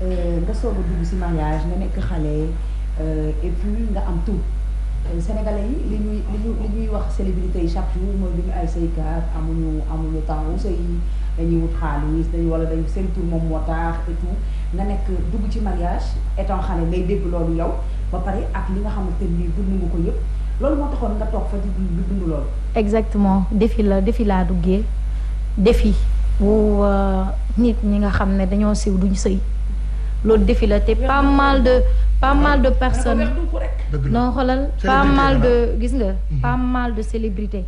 Euh, nga soog a dugg si mariage nga nekk xale euh, et puis nga am tout euh, sénégalais yi li ñuy li ñuy wax célébrité yi chaque jour mooy li ñu ay saykat amuñu amuñu temps wu sëy dañuy wut xaalis dañu wala dañu seen tur moom moo tax nga nekk dugg ci mariage étant xale ngay dégg loolu yow ba pare ak li nga xamante ni dund nga ko yëpp loolu moo taxoon nga toog fa di dund loolu. exactement défi la défi laa duggee défi bu nit ñi nga xam ne dañoo siw duñu sëy. loolu defi la te pas mal de pas mal de personnes non xoolal pas mal de gis nga pas mhm. mal de célébrité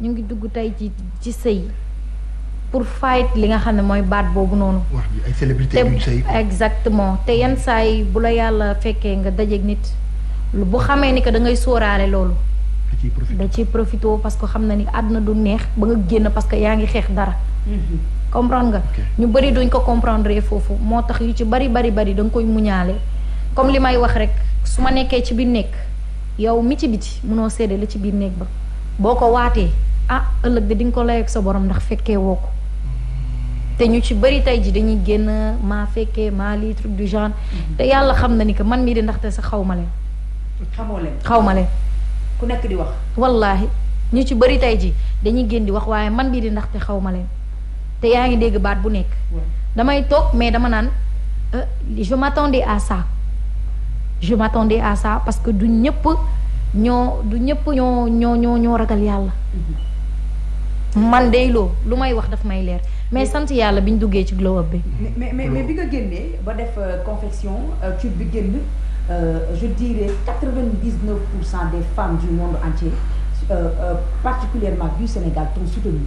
ñu ngi dugg tey ci ci sëy pour fight li nga xam ne mooy baat boobu noonu exactement te yenn saa yi bu la yàlla fekkee nga dajeeg nit bu xamee ni que da ngay sóoraale loolu da ci profité parce que xam na ni àdduna du neex ba nga génn parce que yaa ngi xeex dara mhm. comprendre nga. ñu bari duñ ko comprendre foofu moo tax yu ci bari bari bari da koy muñaale comme li may wax rek su ma nekkee ci biir nekk yow mi ci biti munoo seede la ci biir néeg ba boo ko waatee ah ëllëg de di nga ko layoog sa borom ndax fekkee woo ko te ñu ci bëri tey ji dañuy génn maa fekkee maa lii truc du genre te yàlla xam na ni que man mii di ndaxte sa xaw ma leen. xamoo leen xaw ma leen. ku nekk di wax. wallaahi ñu ci bëri tey ji dañuy génn di wax waaye man bii di ndaxte xaw ma leen. te yaa ngi dégg baat bu nekk. damay toog mais dama naan euh, je m'attendais à ça je m'attendais à ça parce que du ñëpp ñoo du ñëpp ñoo ñoo ñoo ñoo ragal yàlla. man day loo lu may wax dafa may leer. mais sant yàlla bi ñu duggee ci glow bi. mais mais mais bi nga génnee ba def euh, confection euh, tube bi génn je dirais quatre-vingt-dix-neuf pour cent des femmes du monde entier euh, euh, particulièrement du Sénégal t'ont soutenu.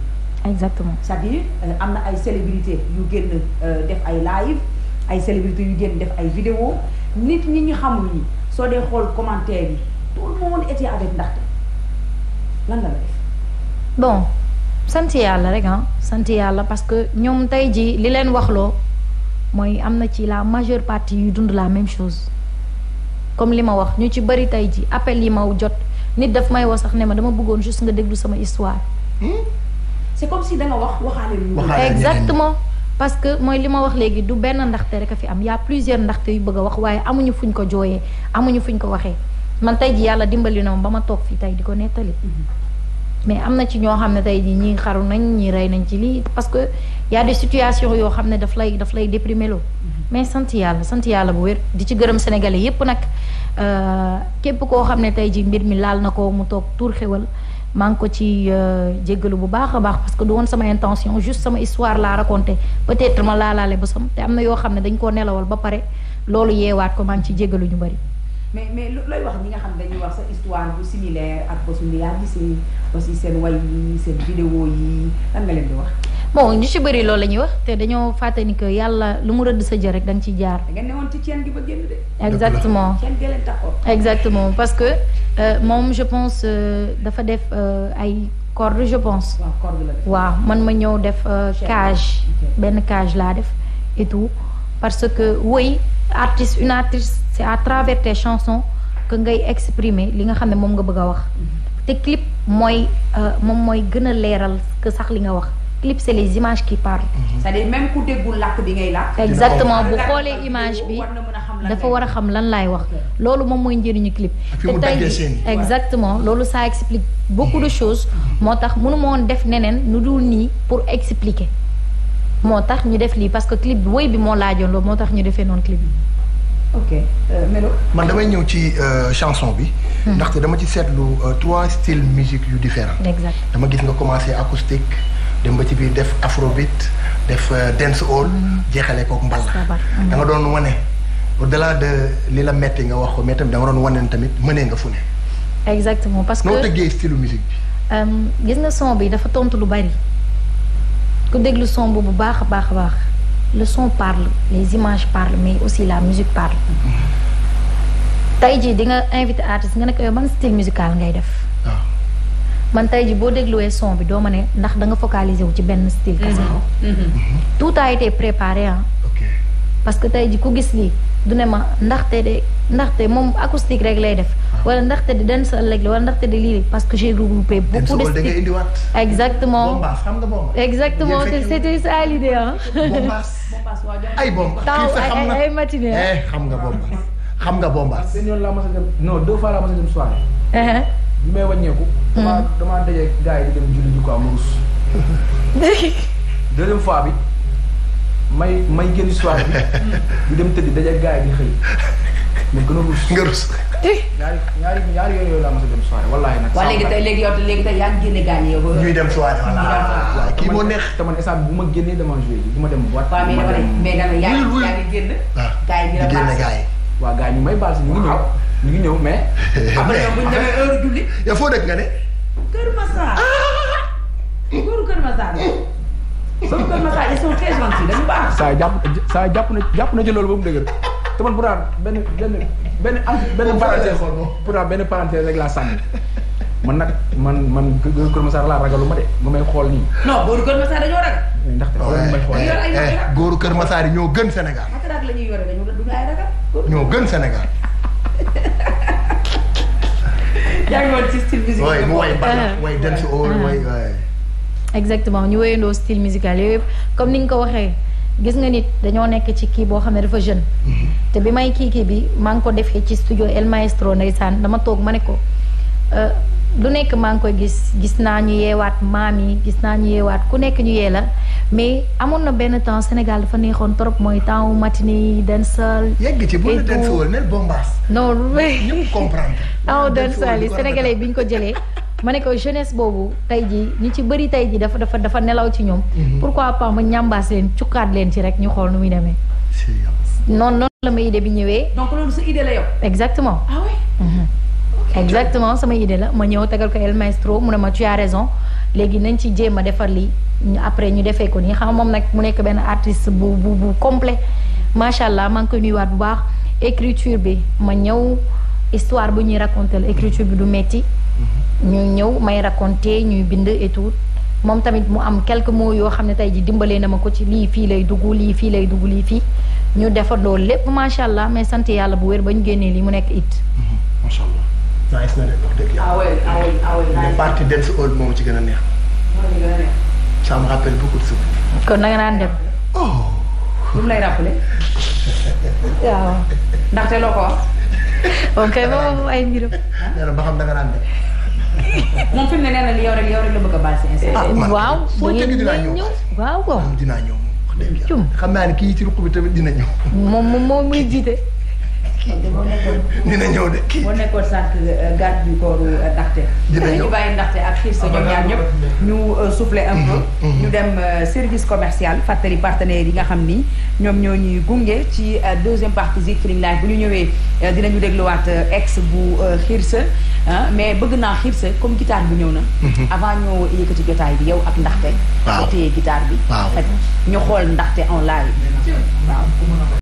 exactement cest euh, am na ay célébrité yu génn euh, def ay live ay célébrité yu génn def ay vidéo nit ñi ñu xamul nii soo dee xool commentaire yi tout le monde était avec Ndaxte lan la bon sant yàlla rek ah sant yàlla parce que ñoom tey jii li leen waxloo mooy am na ci la majeure partie yu dund la même chose comme li ma wax ñu ci bëri tey ji appel yi maw jot nit daf may woo sax ne ma dama bëggoon juste nga déglu sama histoire hmm? c'est comme si da wax waxaale lu exactement parce que mooy li ma wax léegi du benn ndaxte rek a fi am y a plusieurs ndaxte yu bëgg a wax waaye amuñu fu ñu ko jooyee amuñu fuñ ko waxee man tey ji yàlla dimbali na ma ba ma toog fii tey di ko nettali mm-hmm. mais am na ci ñoo xam ne tey ji ñii xaru nañ ñii rey nañ ci lii parce que y a des yoo xam ne daf lay daf lay déprimer loo mm-hmm. mais sant yàlla sant yàlla bu wér di ci gërëm sénégalais yépp nag euh, képp koo xam ne tey ji mbir mi laal na ko mu toog tuur xewal maa ngi ko ci euh, jéggalu bu baax a baax parce que du woon sama intention juste sama histoire laa raconté peut-être ma laalaale ba sam te am na yoo xam ne dañ koo nelawal ba pare loolu yeewaat ko maa ngi ci jéggalu ñu bari mais mais looy wax ñi nga xam dañuy wax sa histoire bu similaire ak Boss Ndiya Guissé seen way yi seen vidéo yi lan wax. bon ñu ci bëri loolu la ñuy wax te dañoo fàtte ni que yàlla lu mu rëdd sa jë rek da nga ciy jaar. da nga newoon ci ceen gi ba génn de. exactement ceen gi leen exactement parce que. Euh, moom je pense euh, dafa def euh, ay corde je pense. Ah, waaw man ma ñëw def cage benn cage laa def et parce que woy artiste une artiste c'est à travers tes chansons que ngay exprimer li nga xam ne moom nga bëgg a wax mhm. te clip mooy moom mooy gën a leeral que sax li nga wax clip c'est les images qui parlent. Mhm. c'est-à-dire même ku bi ngay làkk. exactement bu xoolee image bi. dafa war a xam lan laay wax loolu moom mooy njëriñu clip te tey ji exactement loolu ça explique beaucoup de mm. choses moo tax mënu ma woon def neneen nu dul nii pour expliquer moo tax ñu def lii parce que clip bi woy bi moo laajoon loolu moo tax ñu defee noonu clip bi ok euh, Melo man damay ñëw ci euh, chanson bi. Hmm. ndaxte dama ci seetlu euh, trois styles musique yu différents. exact dama gis nga commencé acoustique dem ba ci biir def afrobeat def dance hall hmm. jeexale kook mbal. da nga doon wane au delà de li la metti nga wax ko mais tamit da nga doon wane tamit mënee nga fu ne. exactement parce que noo tëggee style musique bi. Euh, gis nga son bi dafa tontu lu bari ku déglu son bu bu baax a baax a baax le son parle les images parlent mais aussi la musique parle. tey jii di nga invité artiste nga ne man style musical ngay def. Ah. man tey ji boo dégluwee son bi doo ma ne ndax da nga focaliser wu ci benn style. kese mm-hmm. Mm-hmm. tout a été préparé ah. parce que tey jii ku gis lii. du ma ndaxte de ndaxte moom acoustique rek lay def ah. wala ndaxte de dance ëllëg la wala ndaxte de lii parce que j'ai regroupé beaucoup de styles exactement exactement c'était ça l'idée ah ay bomba taw ay matinée eh, xam nga bomba xam nga bomba yoon laa mas a dem non deux fois laa mas a dem soirée uh-huh. mm-hmm. yi dem julli ji quoi mu may may génn soir bi ñu dem tëdd daje gaay bi xëy ma gën a rus. nga rus. ñaari ñaari ñaari yoon yooyu laa mos a dem soirée wallaahi nag. waaw léegi tey léegi yow léegi tey yaa ngi génne gaañ yow. ñuy dem soirée voilà. kii moo neex te man instant bu ma génnee dama joué ji bu ma dem boîte. waaw mais dama ne mais dama yaa ngi yaa ngi génn. Ah, gars yi ñu la baal waaw gars yi ñu may baal si ñu ngi ñëw. Ah. ñu ngi ñëw mais. après yow bu ñu demee heure julli. yow foo dëkk nga ne. Kër Massar. Ah. góoru Kër Massar. Kër Massar ils sont saa jàpp saa jàpp na jàpp loolu ba mu dëgër te man pourtant benn benn benn benn parenthèse pourtant benn parenthèse rek laa sànni man nag man man Kër Massar laa ragalu ma de nga may xool nii. non góoru Kër Massar dañoo ragal. Eh, ndaxte xoolal ñu may xool nii. Eh, góoru Kër Massar yi ñoo gën Sénégal. mataraat la ñuy yore dañoo gën Sénégal. yaa ngi woon ci style musique. waay mu exactement ñu wéyandoo style musical yooyu yëpp comme ni ñu ko waxee gis nga nit dañoo nekk ci kii boo xam ne dafa jeune. Mm-hmm. te bi may kii bi maa ngi ko defee ci studio El Maestro ndeysaan dama toog ma ne ko euh, lu nekk maa ngi koy gis gis naa ñu yeewaat maam yi gis naa ñu yeewaat ku nekk ñu yee la mais amoon na benn temps Sénégal dafa neexoon trop mooy temps wu matinée yi dansal. yegg ci bu la dansal mel bombaas. non comprendre. temps dansal yi sénégalais bi ñu ko jëlee. ma ne ko jeunesse boobu tey ji ñu ci bëri tey ji dafa dafa dafa nelaw ci ñoom mhm. pourquoi pas ma ñambaas leen cukkaat leen ci rek ñu xool nu muy demee noonu noonu la ma idée bi ñëwee donc loolu sa idée la yow exactement ah mhm. exactement sama idée la ma ñëw tegal ko El Maestro mu ne ma tu raison léegi nañ ci jéem a defar lii après ñu defee ko nii xam moom nag mu nekk benn artiste bu bu bu complet macha allah maa ngi koy nuyuwaat bu baax écriture bi ma ñëw histoire bu ñuy raconter écriture bi du metti ñuy ñëw may raconter ñuy bind et moom tamit mu am quelques mots yoo xam ne tey ji dimbalee na ma ko ci lii fii lay dugg lii fii lay dugg lii fii ñu defandoo lépp macha allah mais sant yàlla bu wér ba ñu génnee lii mu nekk it. Mm-hmm. macha allah nice ah ah ah ci gën kon na naan dem. oh. lu lay rappelé. loo ko wax. ok boobu ay mbiram. nee ba xam da naan dem. moom fi ne nee na li yow rek yow rek la bëgg a baal si instant. Ah, waaw foo teg dinaa ñëw waaw waaw dinaa ñëw xam naa ne kii ci ruq tamit dina ñëw. moom moom moo muy jiite. dina ñëw de kii boo nekkoon sànq euh, garde du corps euh, ndaxte. dina ñëw bàyyi ndaxte ak xiir sa ñoom ñaar ñëpp. ñu euh, soufflé un mm-hmm, mm-hmm. ñu dem service commercial fàttali partenaires yi nga xam ni ñoom ñoo ñuy gunge ci deuxième partie Zik Feeling Live bu ñu ñëwee dinañu dégluwaat ex bu xiir sa Ah, mais bëgg naa xiirsa comme guitare bi ñëw na. Mhm. avant ñoo yëkkati jotaay bi yow ak ndaxte. waaw soo téyee bi. ñu xool ndaxte en live. waaw.